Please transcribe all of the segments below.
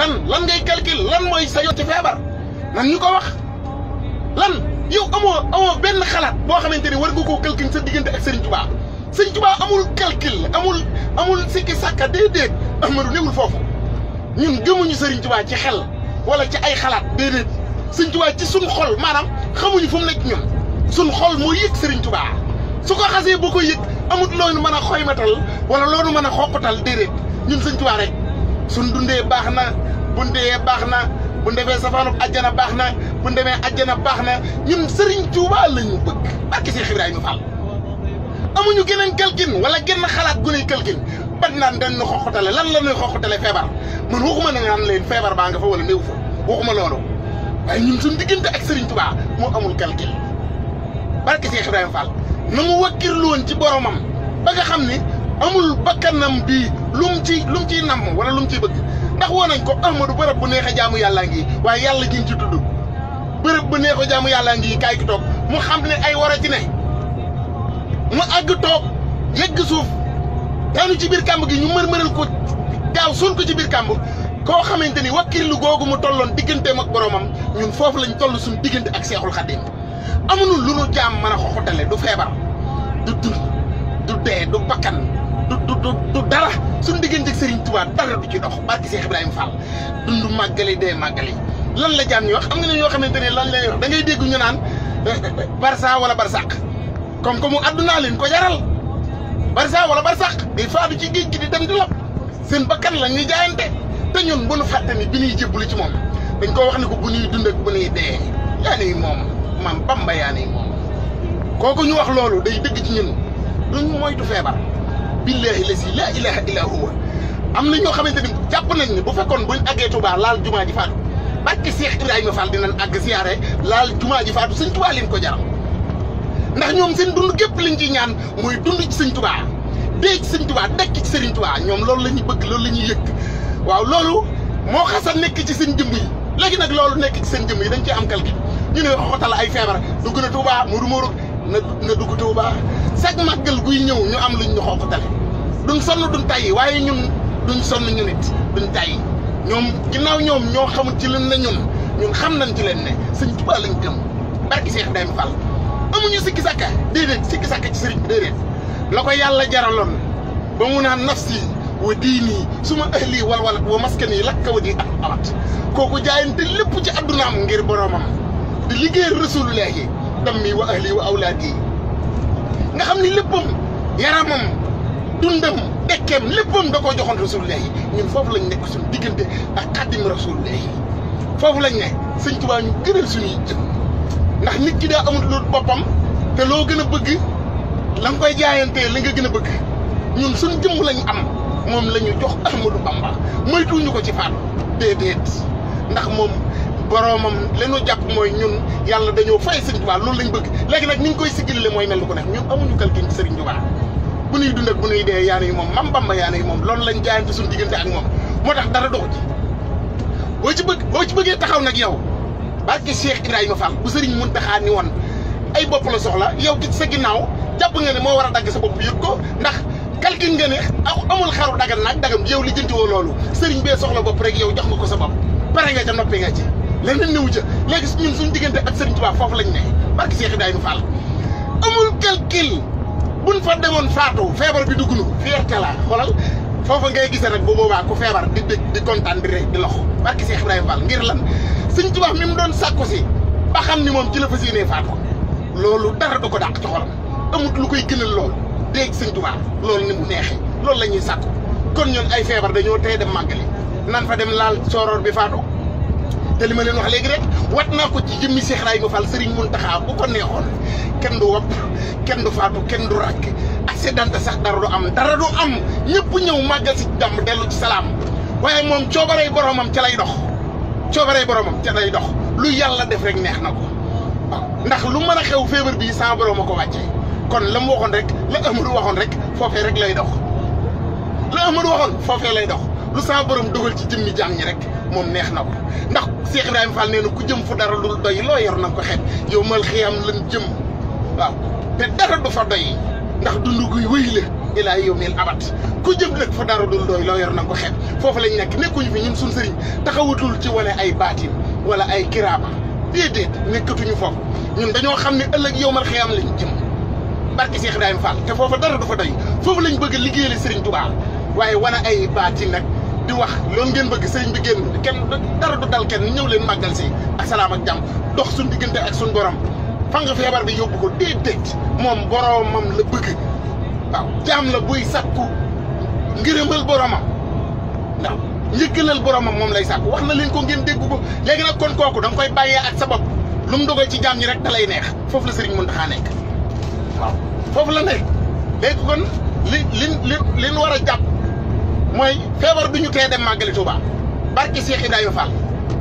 lan lan ngay calcul lan mooy sa yoon ci feebar nan ñu ko wax lan yow amoo amoo benn xalaat boo xamante ni war nga koo calcul sa diggante ak Serigne Touba Serigne Touba amul calcul amul amul sikki sàkka déedéet Amadou newul foofu ñun gëmuñu Serigne Touba ci xel wala ci ay xalaat déedéet Serigne Touba ci suñ xol maanaam xamuñu fu mu nekk ñun suñ xol moo yëg Serigne Touba su ko xasee boo ko yëg amut loolu mën a xoymatal wala loolu mën a xoqutal déedéet ñun Serigne Touba rek. suñ dundee baax na buñ dee baax na buñ defee safaanu ajjana baax na buñ demee ajjana baax na ñun Serigne Touba lañu bëgg barke Cheikh Ibrahima Fall amuñu geneen kalkin wala genn xalaat gu lay kalkin bat naan dañ na xoxotale lan la ñuy xoxotale feebar man waxuma na naan leen feebar baa nga fa wala néew fa waxuma loolu waaye ñun suñ diggante ak Serigne Touba moo amul kalkin barke Cheikh Ibrahima Fall na mu wakkirlu woon ci boromam ba nga xam ni amul bakkanam bi lum ci lum ci nam wala lum ci bëgg ndax woo nañ ko Ahmadou bërëb bu neexa jaamu yalla ngi way yalla giñ ci tuddu bu jaamu yalla ngi kay ki tok mu xam ne ay wara ci ne mu ag tok yegg suuf tanu ci bir kamb gi ñu mërmëral ko gaaw sun ko ci bir kamb ko xamanteni ni wakkirlu mu tollon digënté mak boromam ñun fofu lañ tollu sun digënté ak cheikhul khadim amunu lu nu jaam mëna xoxotalé du febar du du dé du bakkan du du du dara suñu diggante ak Serigne Touba dara du ci dox barke Cheikh Ibrahima Fall dundu màggali dee màggali lan la jaan yoo xam am nga ne ñoo xamante ne lan lay wax da ngay dégg ñu naan eh, eh, eh, Barça wala Barsaq comme comme àddunaa leen ko yaral Barça wala Barsaq day faatu ci géej gi di dem di lab seen bakkan la ñuy jaayante te ñun bu nu fàtte ni bi ñuy jébbalu ci moom dañ koo wax ne ko bu ñuy dund ak bu ñuy dee yaa nii moom maam Bamba yaa nii moom kooku ñu wax loolu day dëgg ci ñun duñ moytu feebar. بالله الذي لا اله الا هو ام لي ньо خامتاني جاب نان بو فيكون بو اغي توبا لال جمعة دي فاتو باكي شيخ ابراهيم فال دي نان اغ زياره لال جمعة دي فاتو سن توبا لين كو جار ناخ نيوم سن دوند كيب لين جي نيان موي دوند سي سن توبا دي سن توبا دك سي سن توبا نيوم لول لا ني بك لول لا ني ييك واو لولو مو خاصا نيك سي سن ديمبي لكن نك لولو نيك سي سن ديمبي دنجي ام كالكي ني نيو خوتال اي فيبر دو غنا توبا مورو مورو na na dugg touba sak magal guy ñew ñu am luñ ñu xoko dalé duñ sonn duñ tàyyi waaye ñun duñ sonn ñu nit duñ tàyyi ñoom ginnaaw ñoom ñoo xamul ci leen ne ñun xam nañ ci leen ne sëñ Tuubaa lañ gëm barki Seex Ibrahima Fall amuñu sikki sàkka déedéet sikki sàkka ci sëriñ déedéet la ko yàlla jaraloon ba mu naan nafsi wa diini suma ahli walwal wa maskani lakka wa di ak awat kooku jaayante lépp ci addunaam ngir boroomam di liggéey rasulullahi dammi wa ahli wa awlaadi nga xam ni léppam yaramam dundam dekkeem léppam da koo joxoon rasulullahi ñun foofu lañu nekk suñu diggante ak xaddim rasulullahi foofu lañ ne sëñ Tuubaa ñu gënal suñuy jëm ndax nit ki daa amul lu boppam te loo gën a bëgg la koy jaayantee li nga gën a bëgg ñun suñ jëmm lañ am moom lañu jox Ahmadu Bamba moytuñu ko ci faat déedéet ndax moom boroomam lenu jàpp mooy ñun yàlla dañoo fay sëñ Tuubaa loolu lañ bëgg léegi nag ni ñu koy sigilale mooy mel ni ko neex ñun amuñu calcul ci sëriñ bu nuy dund ak bu nuy dee yaanu yi moom mam bamba yaanu yi moom loolu lañ jaayante suñu diggante ak moom moo tax dara doxu ci boo ci bëgg boo ci bëggee taxaw nag yow barke Cheikh Ibrahima Fall bu sëriñ mun taxaa ni woon ay bopp la soxla yow ci sa ginnaaw jàpp nga ne moo war a dagg sa bopp yëg ko ndax calcul nga ne amul xaru daga naag dagam yow li jëntiwoo loolu sëriñ bee soxla bopp rek yow jox nga ko sa bopp pare nga ca noppi nga ci leneen niwu suñu diggante ak sëriñ Tuubaa foofu lañ ne barke Cheikh Ibrahima Fall amul calcul buñ fa demoon faatu feebar bi dugg nu fierté la xoolal foofa ngay gisee nag bu boobaa ku feebar di dëkk di kontaan di rek di loxo barki Cheikh Ibrahima Fall ngir lan Sëñ Tuubaa mi mu doon sàkku si ba xam ni moom ci la fas yéenee faatu loolu dara du ko dàq ci xolam amut lu koy gënal loolu dégg Sëñ Tuubaa loolu ni mu neexee loolu la ñuy sàkku kon ñun ay feebar dañoo tey dem màggali nan fa dem laal sooroor bi faatu te ma leen wax léegi rek wat naa ko ci jëmmi Cheikh Ibrahima Fall Serigne Mountakha bu ko neexoon kenn du wopp kenn du faatu kenn du rakk accident sax dara du am dara du am ñëpp ñëw màggal si jàmm dellu ci salaam waaye moom coobaree boromam ca lay dox coobaree boromam ca lay dox lu yàlla def rek neex na ko ndax lu mën a xew feebar bii sans ma ko wàccee kon la mu waxoon rek la Amadou waxoon rek foofee rek lay dox la Amadou waxoon foofee lay dox. lu saa borom dugal ci jëmmi jaam ñi rek moom neex na ko ndax Cheikh Ibrahima Fall nee na ku jëm fu dara lu doy loo yor na ko xeet yow mal xiyam lan jëm waaw dara du fa ndax dund guy wéy la ilaa yawmil abad ku jëm nag dara dul doy loo yor na ko xeet foofu lañ nekk nekkuñu fi ñun suñ sëriñ taxawatul ci wala ay baatin wala ay kiraama déedéet nekkatuñu foofu ñun dañoo xam ne ëllëg yawmal xiyam lañ jëm barke Cheikh Ibrahima Fall te foofa dara du fa doy foofu lañ bëgg liggéeyale sëriñ Tuubaa waaye wana ay baatin nag di wax loolu ngeen bëgg sëriñ bi génn kenn dara du dal kenn ñëw leen màggal si ak salaam ak jàmm dox suñ diggante ak suñ borom fa nga feebar bi yóbbu ko déedéet moom boromam la bëgg waaw jaam la buy sàkku ngërëmal boromam waaw njëkkalal boromam moom lay sàkku wax na leen ko ngeen déggu ko léegi nag kon kooku da koy bàyyee ak sa bopp lu mu dogal ci jaam ñi rek da lay neex foofu la sëriñ Mountakha nekk waaw foofu la nekk léegi kon li li li li war a jàpp. mooy feebar du ñu tee dem màggali Touba barki Cheikh Ibrahima Fall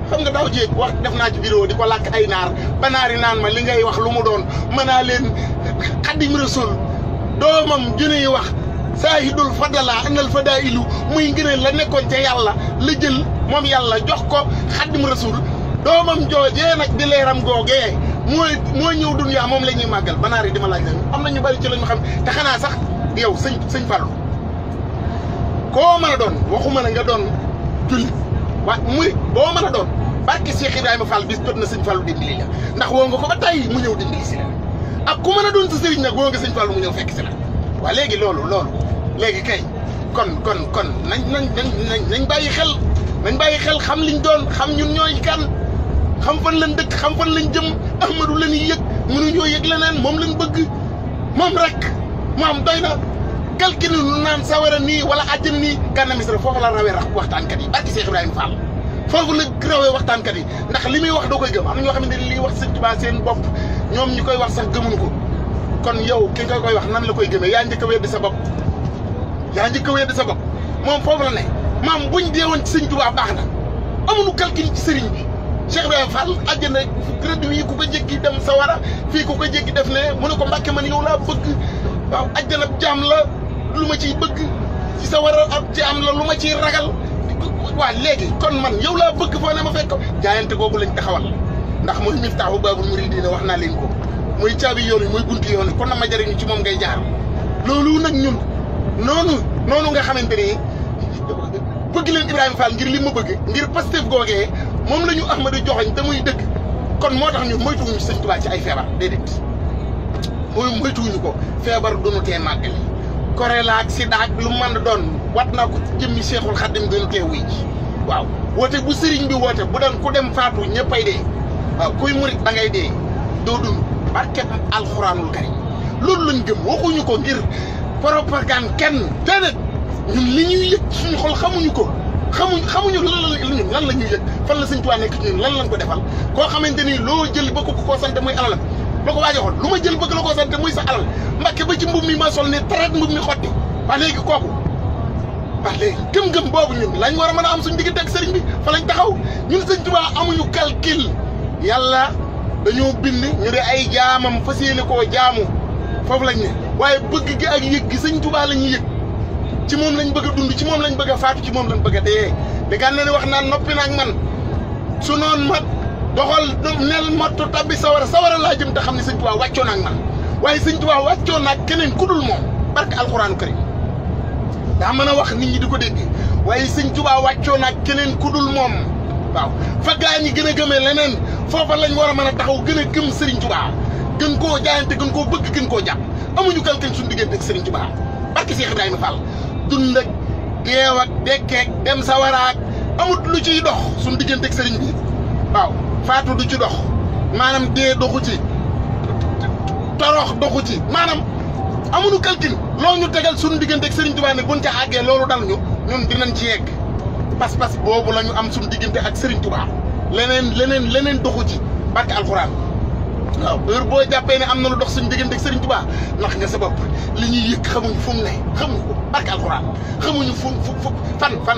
xam nga daaw jéeg wax def naa ci vidéo di ko làkk ay naar ba naari naan ma li ngay wax lu mu doon mën naa leen xadim rasul doomam junuy wax saahidul fadala anal fadailu muy ngëneel la nekkoon ca yàlla la jël moom yàlla jox ko xadim rasul doomam joojee nag di leeram googee mooy mooy ñëw dun yaa moom la ñuy màggal banaar yi dima laaj la am na ñu bari ci lañu xam te xanaa sax yow sëñ sëñ Fallou koo mën a doon waxuma la nga doon jullit wa muy boo mën a doon barke Cheikh Ibrahima Fall bis jot na sëñ Fallu dimbali la ndax woo nga ko ba tey mu ñëw dimbali si la ak ku mën a doon sa sëriñ nag woo nga sëñ Fallu mu ñëw fekk si la waa léegi loolu loolu léegi kay kon kon kon nañ nañ nañ nañ bàyyi xel nañ bàyyi xel xam liñ doon xam ñun ñooy kan xam fan lañ dëkk xam fan lañ jëm Ahmadu lañuy yëg ñoo yëg leneen moom lañ bëgg moom rek moom doy na calcul nu naan sawara nii wala àjjana nii gànna foofu la rawee waxtaankat yi barki Cheikh Ibrahima Fall foofu la rawee waxtaankat yi ndax li muy wax doo koy gëm am na ñoo xam ne lii wax Sëñ Tuubaa seen bopp ñoom ñu koy wax sax gëmuñu ko kon yow ki nga koy wax nan la koy gëmee yaa njëkk a weddi sa bopp yaa njëkk a weddi sa bopp moom foofu la ne maam buñ dee woon Sëñ Tuubaa baax na amuñu calcul ci sëriñ bi Cheikh Ibrahima Fall àjjana crédit yi ku ko jékki dem sawara fii ku ko jékki def ne mu ne ko Mbàkke man yow laa bëgg waaw la lu ma ciy bëgg ci sa war a ci am la lu ma ciy ragal waa léegi kon man yow laa bëgg foo ne ma fekk jaayante googu lañ taxawal ndax mooy miftaaxu baabul muridiina wax naa leen ko mooy caabi yoon yi mooy buntu yoon yi kon na ma jëriñu ci moom ngay jaar loolu nag ñun noonu noonu nga xamante ni bëgg leen Ibrahima Fall ngir li ma bëgg ngir Pastef googee moom la ñu Ahmadu joxoñ te muy dëgg kon moo tax ñun moytuwuñu Sëñ Tuubaa ci ay feebar déedéet mooy moytuwuñu ko feebar dunu tee màggali choléra ak sida ak lu mën doon wat naa ko jëmmi seexul xaddim gën tee wuy ji waaw woote bu sëriñ bi woote bu doon ku dem faatu ñëppay dee waaw kuy murit da dee doo dund barke alxuraanul karim loolu lañ gëm waxuñu ko ngir propagande kenn déedéet ñun li ñuy yëg suñu xol xamuñu ko xamuñ xamuñu lan la lan la ñuy yëg fan la sëñ Tuubaa nekk ci ñun lan lañ ko defal koo xamante ni loo jël ba ko ko sant muy alalam ba ko waajoxoon lu ma jël bëgg la koo sant muy sa alal mbakke ba ci mbub mi ma sol ni traite mbub mi xotti waa léegi kooku waa léegi gëm-gëm boobu ñun lañ war a mën a am suñ diggante ak sëriñ bi fa lañ taxaw ñun sëñ Tuubaa amuñu calcul yàlla dañoo bind ñu de ay jaamam fas yéene koo jaamu foofu lañu ne waaye bëgg gi ak yëg gi sëñ Tuubaa la ñuy yëg ci moom lañ bëgg dund ci moom lañ bëgg a faatu ci moom lañ bëgg a dee. di gànnaaw ne wax naan noppi na ak su noon doxal nel mottu tabbi sawara sawara laa jëm te xam ne sëñ Tuubaa wàccoo na ak man waaye sëñ Tuubaa wàccoo na ak keneen ku dul moom barke alxuraanu karim daa mën a wax nit ñi di ko dégg waaye sëñ Tuubaa wàccoo na keneen ku dul moom waaw fa gaa ñi gën a gëmee leneen foofa lañ war a mën a taxaw gën a gëm sëriñ Tuubaa gën koo jaayante gën koo bëgg gën koo jàpp amuñu kalkañ suñu diggante ak sëriñ Tuubaa barke Seex Ibrahima Fall dund ak deew ak dekkeek dem sawaraak amut lu ciy dox suñu diggante ak sëriñ bi waaw faatu du ci dox maanaam dee doxu ci torox doxu ci maanaam amuñu calcul loolu ñu tegal suñu diggante ak Serigne Touba ne buñ ca àggee loolu dal ñu ñun dinañ ci yegg pas-pas boobu la ñu am suñu diggante ak sëriñ Touba leneen leneen leneen doxu ci barke alxuraan waaw heure boo jàppee ne am na lu dox suñu diggante ak Serigne Touba nax nga sa bopp li ñuy yëg xamuñu fu mu ne xamuñu ko alxuraan xamuñu fu fu fan fan.